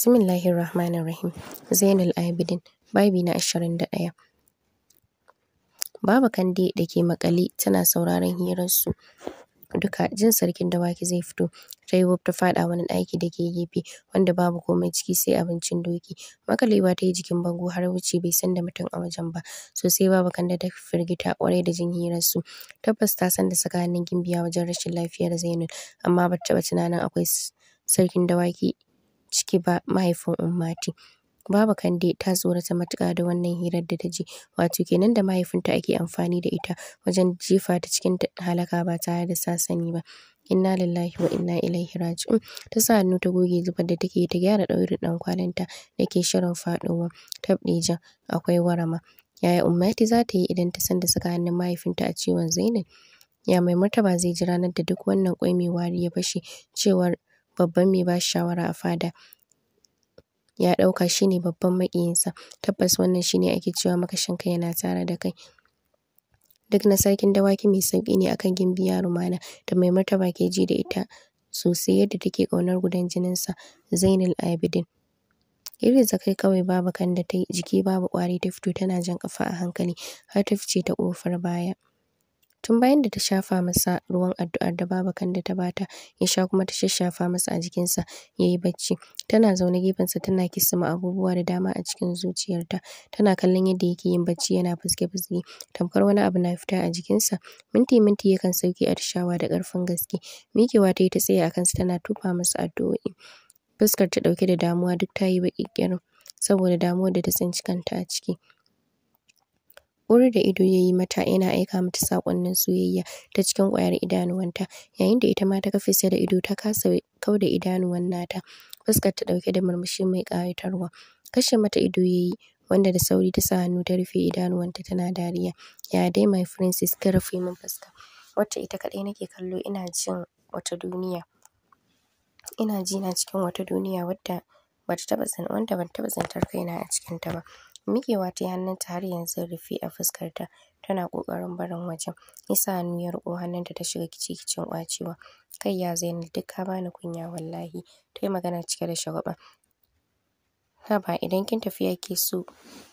Bismillahir Rahmanir Rahim. Zainul Abidin, babi na ashirin da ɗaya. Baba Kande da ke makali tana sauraron hirarsu. Duka jin sarkin dawaki zai fito, ta yi ta faɗa wani ɗaki da ke gefe wanda babu komai ciki sai abincin doki. Makalewa ta yi jikin bango har wuce bai san da mutum a wajen ba, sosai Baba Kande ta firgita ƙwarai da jin hirarsu. Tabbas ta san da tsakanin gimbiya wajen rashin lafiyar Zainul, amma ba taɓa tunanin akwai sarkin dawaki ciki ba mahaifin Ummati. Baba Kande ta tsorata matuƙa da wannan hirar da ta je. wato kenan da mahaifinta ake amfani da ita wajen jefa ta cikin halaka ba tare da sasani ba. Inna lallahi wa inna ilaihi raji'un. Ta sa hannu ta goge zubar da take ta gyara ɗaurin ɗan ɗankwalinta da ke shirin faɗowa. jan akwai warama. Yaya Ummati za ta yi idan ta san da saka hannun mahaifinta a ciwon Zainab? Ya mai martaba zai ji ranar da duk wannan ƙwai mai wari ya fashe cewar babban mai bashi shawara a fada ya ɗauka shine babban maƙiyinsa tabbas wannan shine ake cewa makashin kai yana tare da kai duk na sarkin dawaki mai sauƙi ne akan gimbiya rumana da mai martaba ke ji da ita sosai yadda take ƙaunar gudan jininsa Zainul Abidin irin kai kawai babu kan da ta jiki babu ƙwari ta fito tana jan ƙafa a hankali har ta fice ta ƙofar baya tun bayan da ta shafa masa ruwan addu'ar da kan Kande ta bata ya sha kuma ta shashafa masa a jikinsa ya yi bacci tana zaune gefensa tana kisima abubuwa da dama a cikin zuciyarta tana kallon yadda yake yin bacci yana fuske-fuske tamkar wani abu na fita a jikinsa minti-minti yakan sauke atishawa da ƙarfin gaske miƙewa ta yi ta tsaya a kansa tana tufa masa addu'o'i fuskar ta ɗauke da damuwa duk ta yi baƙi saboda damuwar da ta tsinci kanta a ciki wuri da ido ya yi mata yana aika mata sakonnin soyayya ta cikin kwayar idanuwanta yayin da ita ma ta kafe sai da ido ta kasa kauda idanuwan nata ta dauke da murmushi mai kayatarwa Kashe mata ido ya yi wanda da sauri ta sa hannu ta rufe idanuwanta tana dariya. ya dai my princess ka rufe min fuska wacce ita kadai nake kallo ina jin wata duniya ina ji na cikin wata duniya wadda ta wanda ban taba tsintar kaina a cikinta ba. Miƙewa yi hannunta har yanzu rufe a fuskarta tana ƙoƙarin barin wajen. Yasa hannun ya riƙo hannunta ta shiga kicikicin ƙwacewa. ya Zainab duk ka bani kunya wallahi" yi magana cike da shagwaɓa. "Haba idan kin tafi ya ke so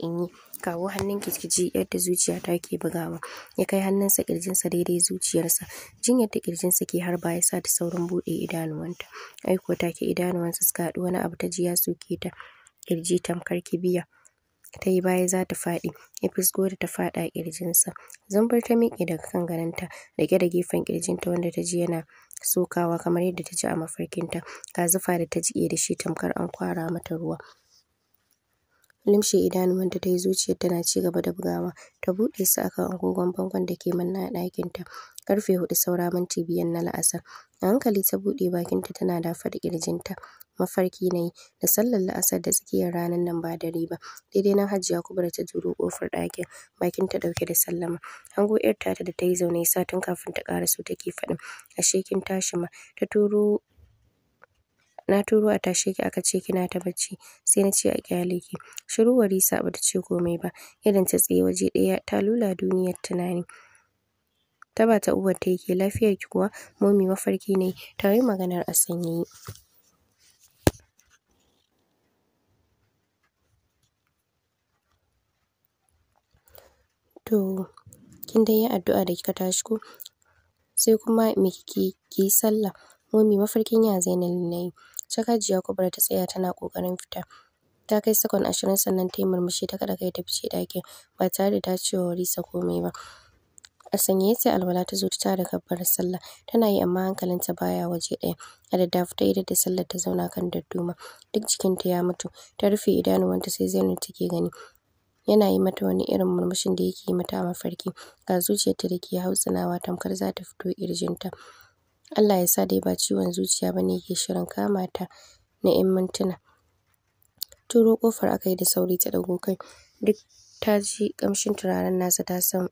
in yi? Kawo hannun ki ji yadda zuciyata ke bugawa." Ya kai hannunsa sa daidai zuciyarsa. Jin yadda ƙirjinsa ke ya sa ta saurin buɗe idanuwanta. Aiko ta take idanuwansa suka haɗu wani abu ta ji ya ta kirji tamkar ki biya. ta yi baya za ta faɗi ya fisgo da ta faɗa a ƙirjinsa zambar ta miƙe daga kan garanta rike da gefen ƙirjinta wanda ta ji yana sokawa kamar yadda ta ji a mafarkinta ga zufa da ta jiƙe da shi tamkar an kwara mata ruwa limshe idanuwanta ta yi zuciyar tana ci gaba da bugawa ta buɗe su a kan agogon bangon da ke manna a ɗakinta karfe hudu saura minti biyar na la'asar a hankali ta buɗe bakinta tana dafa da ƙirjinta mafarki na yi da sallar la'asar da tsakiyar ranar nan ba dare ba daidai nan hajiya kubra ta turo kofar ɗakin bakin ta ɗauke da sallama hango yar tata da ta yi zaune satin kafin ta su take faɗin ashe kin tashi ma ta turo na turo a tashe ki aka ce kina ta bacci sai na ce a kyale ki shiru warisa ta ce komai ba irin ta tsaye waje ɗaya ta lula duniyar tunani ta ba ta uwar ta yake lafiyar ki kuwa momi mafarki ne ta yi maganar a sanyi. to kin dai yi addu'a da kika tashi ko sai kuma me kike ki yi sallah momi mafarkin ya zainal na yi cak hajiya ta tsaya tana ƙoƙarin fita ta kai sakon ashirin sannan ta yi murmushi ta kaɗa kai ta fice ɗakin ba tare da ta ce wa komai ba a sanye ta alwala ta zo ta da kabbar sallah tana yi amma hankalinta baya waje ɗaya a daddafa ta idar da sallar ta zauna kan dadduma duk jikinta ya mutu ta rufe idanuwanta sai Zainab take gani yana yi mata wani irin murmushin da yake yi mata a mafarki ga zuciyarta da ke hautsinawa tamkar za ta fito ƙirjinta Allah ya sa dai ba ciwon zuciya ba ne yake shirin kama ta na 'yan mintuna turo kofar aka yi da sauri ta ɗago kai duk ta ji kamshin turaren nasa ta san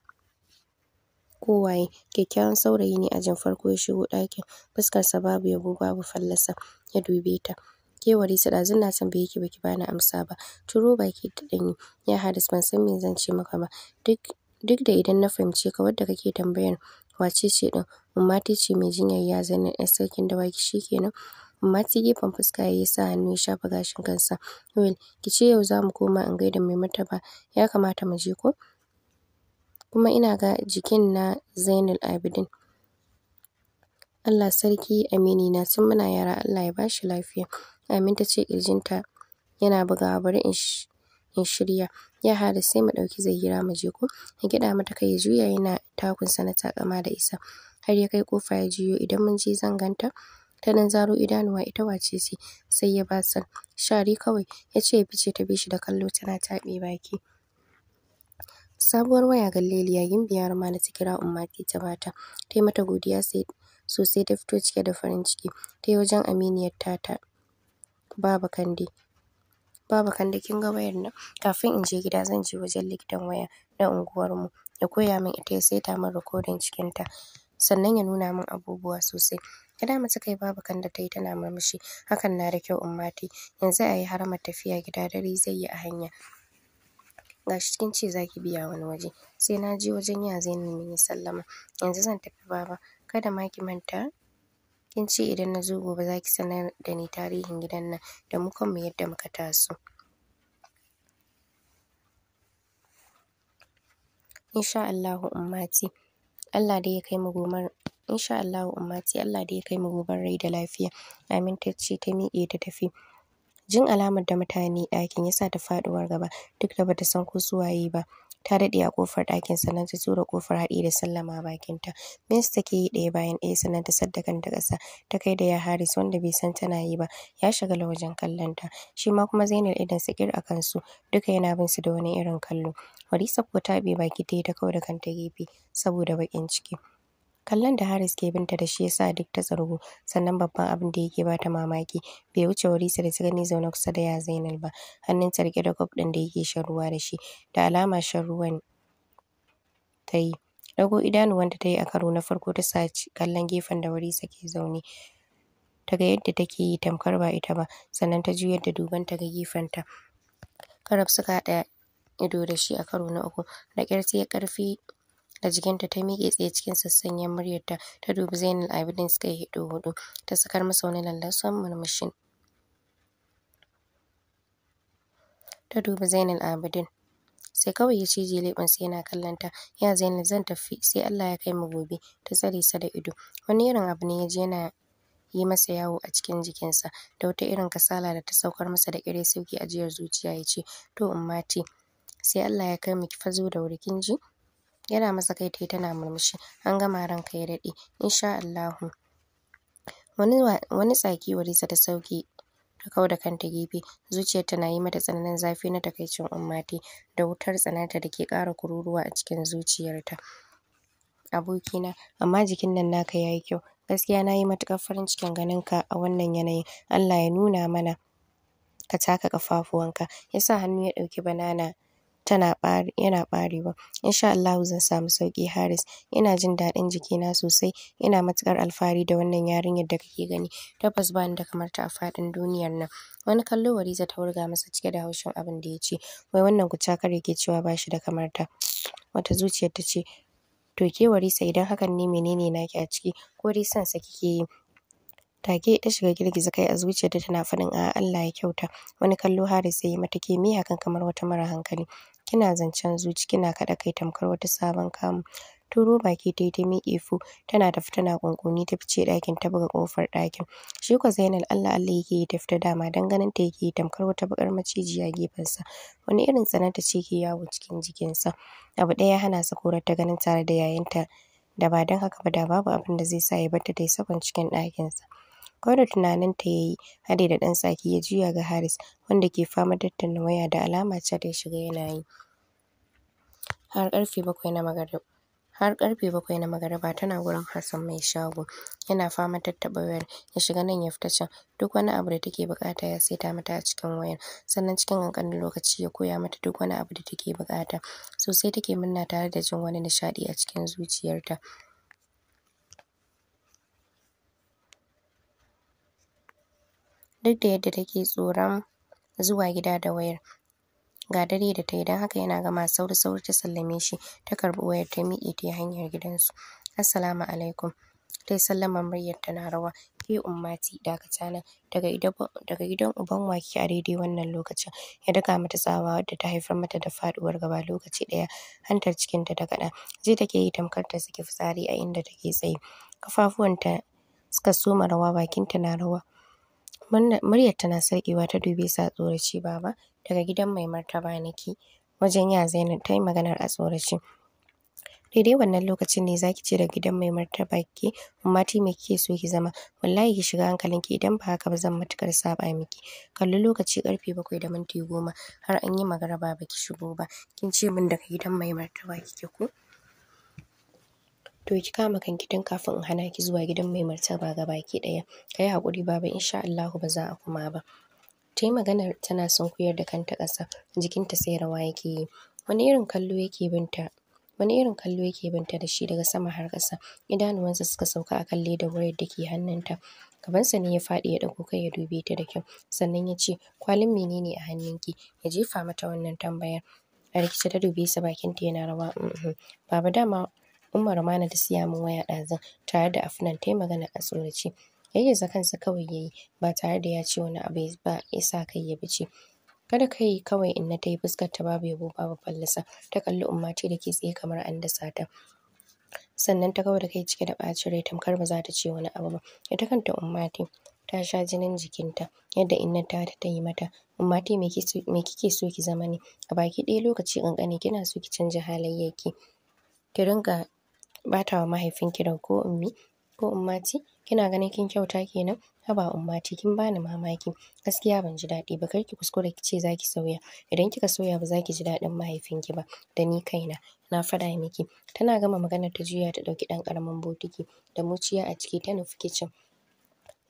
kowaye kyakkyawan saurayi ne ajin farko ya shigo ɗakin fuskarsa babu yabo babu fallasa ya dube ta Ke san ɗazun na ba ki bani amsa ba. Turo baki ta ɗanyi. Ya hadis ban san me zan ce maka ba. Duk duk da idan na fahimce ka wadda kake tambayar wace ce din umma ta ce mai jinyar ya zanna ɗan sarkin da dawaki shikenan ummati gefen fuska yayi sa hannu ya shafa gashin kansa well ki ce yau za mu koma in gaida mai martaba ya kamata mu je ko kuma ina ga jikin na Zainul Abidin Allah sarki amini na tun muna yara Allah ya bashi lafiya Amin ta ce ƙirjinta yana bugawa bari in in shirya. Yara sai mu ɗauki Zahira mu je ko? Ya gyaɗa mata kai ya juya yana takunsa na kama da isa. Har ya kai ƙofa ya jiyo idan mun je zan ganta. Ta nan zaro idanuwa ita wace ce? Sai ya ba san. Shari kawai ya ce ya fice ta bi shi da kallo tana taɓe baki. Sabuwar waya galleliya ma na ta kira ummati ta bata. Ta yi mata godiya sai sosai ta fito cike da farin ciki. Ta wajen aminiyar tata Baba Kande. Baba Kande kin ga wayar nan? Kafin in je gida zan je wajen likitan waya na unguwarmu ya koya min ita ya saita min rikodin ta Sannan ya nuna min abubuwa sosai. Kira mata kai Baba Kande ta yi tana murmushi. Hakan na da kyau Umma tai. Yanzu a yi haramar tafiya gida dare zai yi a hanya. Ga shi kin ce za ki biya wani waje. Sai na je wajen ya Zainab mun yi sallama. Yanzu zan tafi Baba. Kada ma ki manta kin ce idan na zo gobe za ki sanar da ni tarihin gidan nan da mu kanmu yadda muka taso insha Allahu ummati Allah dai ya kai mu gobe insha Allahu ummati Allah dai ya kai mu rai da lafiya amin ce ta miƙe ta tafi Jin alamar da mutane ɗakin ya sa ta faɗuwar gaba duk da bata san ko su waye ba. Ta daɗe a kofar ɗakin sannan ta tura kofar haɗi da sallama bakinta. ta ke yi ɗaya bayan ɗaya sannan ta sadda kanta ƙasa ta kai da ya Haris wanda bai san tana yi ba ya shagala wajen kallon ta. Shi ma kuma Zainab idan su a kansu duka yana bin su da wani irin kallo. Farisa ko ta baki ta yi ta kau da kanta gefe saboda baƙin ciki. Kallon da Haris ke binta da shi ya sa duk ta tsargu, sannan babban abin da yake bata mamaki bai wuce Warisa da ta gani zaune kusa da ya Zainal ba, ta riƙe da kwaf ɗin da yake shan ruwa da shi, da alama shan ruwan ta yi. Ɗago idanuwanta ta yi a karo na farko ta sa kallon gefen da Warisa ke zaune. Ta ga yadda take yi tamkar ba ita ba, sannan ta juyar da duban ta ga gefen ta. Karab suka haɗa ido da shi a karo na uku, da ƙyar ƙarfi da jikinta ta miƙe tsaye cikin sassanyen muryarta ta dubi Zainal Abidin suka yi hido hudu ta sakar masa wani lallason murmushin ta dubi Zainal Abidin sai kawai ya cije leɓensa yana kallon ta ya Zainal zan tafi sai Allah ya kai mu gobe ta tsare sa da ido wani irin abu ne ya je yana yi masa yawo a cikin jikinsa da wata irin kasala da ta saukar masa da ƙire sauki ajiyar zuciya ya ce to ummati sai Allah ya kai mu ki fazo da wuri kin ji Yana masa kai tayi tana murmushi. An gama ranka ya daɗe. insha Allah Wani wani tsaki Warisa ta sauke ta kau da kanta gefe. Zuciyarta na yi mata tsananin zafi na takaicin ummati da wutar tsananta da ke ƙara kururuwa a cikin zuciyarta. Abokina, amma jikin nan naka yayi kyau. Gaskiya nayi matuƙar farin cikin ganin ka a wannan yanayin. Allah ya nuna mana ka taka ƙafafuwanka. yasa Yasa hannu ya ɗauki banana tana ɓare yana ɓarewa insha Allahu zan samu sauki Haris ina jin daɗin jikina sosai ina matuƙar alfahari da wannan yarinyar da kake gani tabbas bani da kamar ta a faɗin duniyar nan wani kallo Wariza ta wurga masa cike da haushin abin da ce wai wannan kucakar yake cewa shi da kamar ta wata zuciyar ta ce to ke Warisa idan hakan ne menene naki a ciki ko dai san sa kike yi take ta shiga girgiza kai a zuciyarta tana faɗin a Allah ya kyauta wani kallo Haris ya yi mata ke me hakan kamar wata mara hankali kina zancen zuci kina kaɗa kai tamkar wata sabon kamu turo baki ta yi ta miƙe fu tana tafi tana ƙunƙuni ta fice ɗakin ta buga ƙofar ɗakin shi kuwa Zainal Allah Allah yake yi ta fita dama dan ganin ta yake yi tamkar wata baƙar macijiya sa wani irin tsananta ce ke yawo cikin jikinsa abu ɗaya hana sa korar ta ganin tare da yayinta da ba don haka ba da babu abin da zai sa ya bar ta ta sakon cikin ɗakinsa da tunaninta ya yi, haɗi da ɗan tsaki ya juya ga Haris, wanda ke fama tattauna waya da alama cat ya shiga yana yi. Har karfe bakwai na magarib. Har karfe bakwai na magariba tana wurin Hassan mai shago, yana fama tattaɓa wayar, ya shiga nan ya fita can, duk wani abu da take bukata ya saita mata a cikin wayar, sannan cikin kankanin lokaci ya koya mata duk wani abu da take buƙata. Sosai take murna tare da jin wani nishaɗi a cikin zuciyarta. duk da yadda take tsoron zuwa gida da wayar. Ga dare da ta yi, don haka yana gama sauri-sauri ta sallame shi ta karbi wayar ta miƙe yi hanyar gidansu. Assalamu alaikum. Ta Tayi sallama muryar na rawa. Ke Ummati dakata nan daga gidan uban wake a daidai wannan lokacin? Ya daka mata tsawa wadda ta haifar mata da faɗuwar gaba lokaci ɗaya hantar cikinta ta kaɗa. Ji take yi tamkar ta saki fitsari a inda take tsaye. Kafafuwanta suka soma rawa bakinta na rawa. Muryar tana sarƙewa ta dube sa a tsorace. Baba, daga gidan Mai Martaba nake, wajen ya Zainab, ta yi maganar a tsorace. Daidai wannan lokacin ne zaki ce daga gidan Mai Martaba ke mati me kike so ki zama? Wallahi ki shiga hankalin ki, idan ba haka ba zan matuƙar saɓa miki. Kalli lokaci ƙarfe bakwai da minti goma, har an yi magariba ba ki shigo ba. Kin ce min daga gidan Mai Martaba kike ko? to ki kama kanki tun kafin in hana ki zuwa gidan mai martaba gabaki ɗaya kayi hakuri baba insha Allahu ba za a kuma ba ta yi maganar tana sunkuyar da kanta kasa jikinta sai rawa yake yi wani irin kallo yake binta wani irin kallo yake binta da shi daga sama har ƙasa idanuwansa suka sauka akan ledar wayar da ke hannunta gabansa ne ya faɗi ya ɗago kai ya dube ta da kyau sannan ya ce kwalin menene a hannunki ya jefa mata wannan tambayar a rikice ta dube sa bakinta yana rawa baba dama umar mana ta siya min waya ɗazun tare da Afnan ta yi magana a tsorace. za kansa kawai ya yi ba tare da ya ce wani abu ba ya sa kai ya bice. Kada kai kawai in na ta yi fuskar ta babu yabo babu fallasa ta kalli umma ce da ke tsaye kamar an dasa ta. Sannan ta kawai da kai cike da ɓacin rai tamkar ba za ta ce wani abu ba. Ita kanta umma ta ta sha jinin jikinta yadda inna ta ta yi mata Umma te me kike so ki zama ne a baki ɗaya lokaci ƙanƙani kina so ki canja halayyarki ki rinka bata wa mahaifinki rai ko ummi ko ummati kina ganin kin kyauta kenan haba ummati kin bani mamaki gaskiya ban ji daɗi ba kar ki kuskure ki ce zaki sauya idan kika sauya ba zaki ji daɗin mahaifinki ba da ni kaina na faɗa miki tana gama maganar ta juya ta ɗauki ɗan ƙaramin bokiti da muciya a ciki ta nufi kicin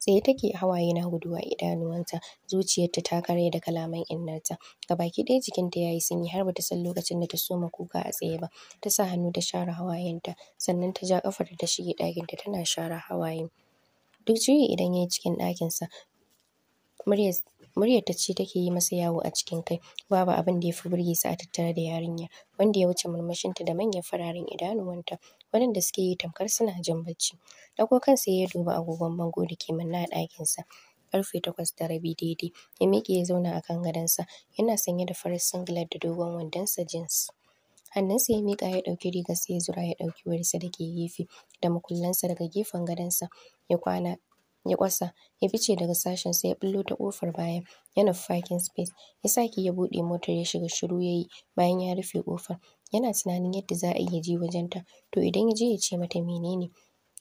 Tsaye take hawaye na guduwa idanuwanta, zuciyarta ta karye da kalaman innarta. Gabaki ɗaya jikinta yayi sanyi har bata san lokacin da ta soma kuka a tsaye ba. Ta sa hannu ta share hawayenta, sannan ta ja ƙafarta ta shige ɗakinta tana share hawaye Duk juyi idan yayi cikin ɗakinsa, muryar Muryar ta ce take yi masa yawo a cikin kai. Babu abin da ya fi burge su a tattare da yarinyar, wanda ya wuce murmushinta da manyan fararen idanuwanta, waɗanda suke yi tamkar suna jin bacci. Ɗauko kansa ya duba agogon bango da ke manne a ɗakinsa. Ƙarfe takwas da rabi daidai. Ya miƙe ya zauna a kan gadonsa, yana sanye da farar singlet da dogon wandonsa jeans. Hannunsa ya miƙa ya ɗauki rigarsa ya zura ya ɗauki wayarsa da ke gefe da makullansa daga gefen gadonsa ya kwana. ya kwasa ya fice daga sashen sai ya bullo ta kofar baya yana fakin space ya saki ya bude motar ya shiga shiru yayi bayan ya rufe kofar yana tunanin yadda za a yi je wajen ta to idan ya je ya ce mata menene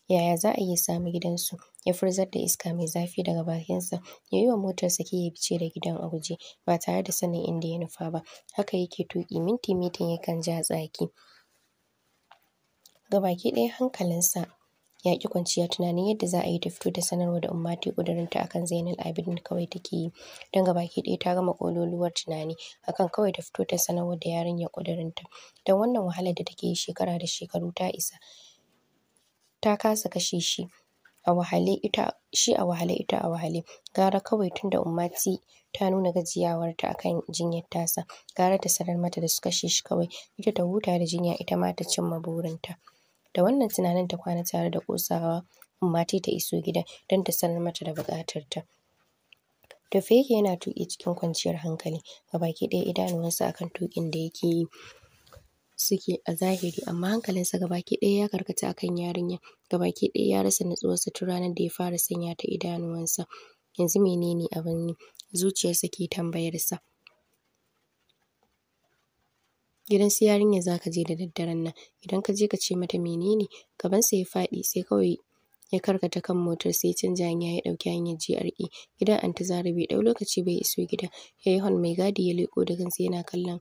yaya za a yi samu gidansu ya furzar da iska mai zafi daga bakinsa ya yi wa motar sake ya fice da gidan a guje ba tare da sanin inda ya nufa ba haka yake tuki minti mintin yakan ja tsaki gabaki ɗaya hankalinsa ya kwanciya tunanin yadda za a yi ta fito da sanarwa da ummati ƙudurinta akan zainal Abidin kawai take yi don gabaki ɗaya ta gama ƙololuwar tunani akan kawai ta fito ta sanarwa da yarinyar ƙudurinta don wannan wahalar da take yi shekara da shekaru ta isa ta kasa kashe shi a wahale ita shi a wahale ita a wahale gara kawai tunda ummati ta nuna gajiyawarta akan jinyar tasa gara ta sanar mata da su kashe shi kawai ita ta huta da jinya ita ma ta cimma burinta Da wannan tunanin ta kwana tare da ƙosawa tai ta iso gidan don ta sanar mata da ta. Tafe yake yana tuƙi cikin kwanciyar hankali, gabaki ɗaya idanuwansa akan tuƙin da yake yi suke a zahiri amma hankalinsa gabaki ɗaya ya karkata akan yarinyar, gabaki ɗaya ya rasa natsuwarsa tun ranar da ya fara sanya ta idanuwansa. Yanzu menene abin yi? Zuciyarsa ke tambayarsa. Gidan su yarinya za ka je da daddaren nan. Idan ka je ka ce mata menene? gaban sa ya faɗi sai kawai ya karkata kan motar sai ya canja hanya ya ɗauki hanyar GRA. Gidan anti Zara bai ɗau lokaci bai iso gida yayi yi hon mai gadi ya leko da kansa yana kallon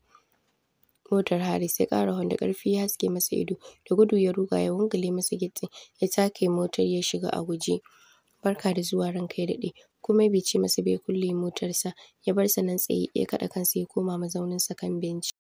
motar Haris ya ƙara hon da ƙarfi ya haske masa ido. Da gudu ya ruga ya wungale masa gitsin ya take motar ya shiga a guje. Barka da zuwa ranka ya daɗe. Komai bai ce masa bai kulle kulle motarsa ya bar sa nan tsaye ya kaɗa kansa ya koma mazaunin sa kan benci.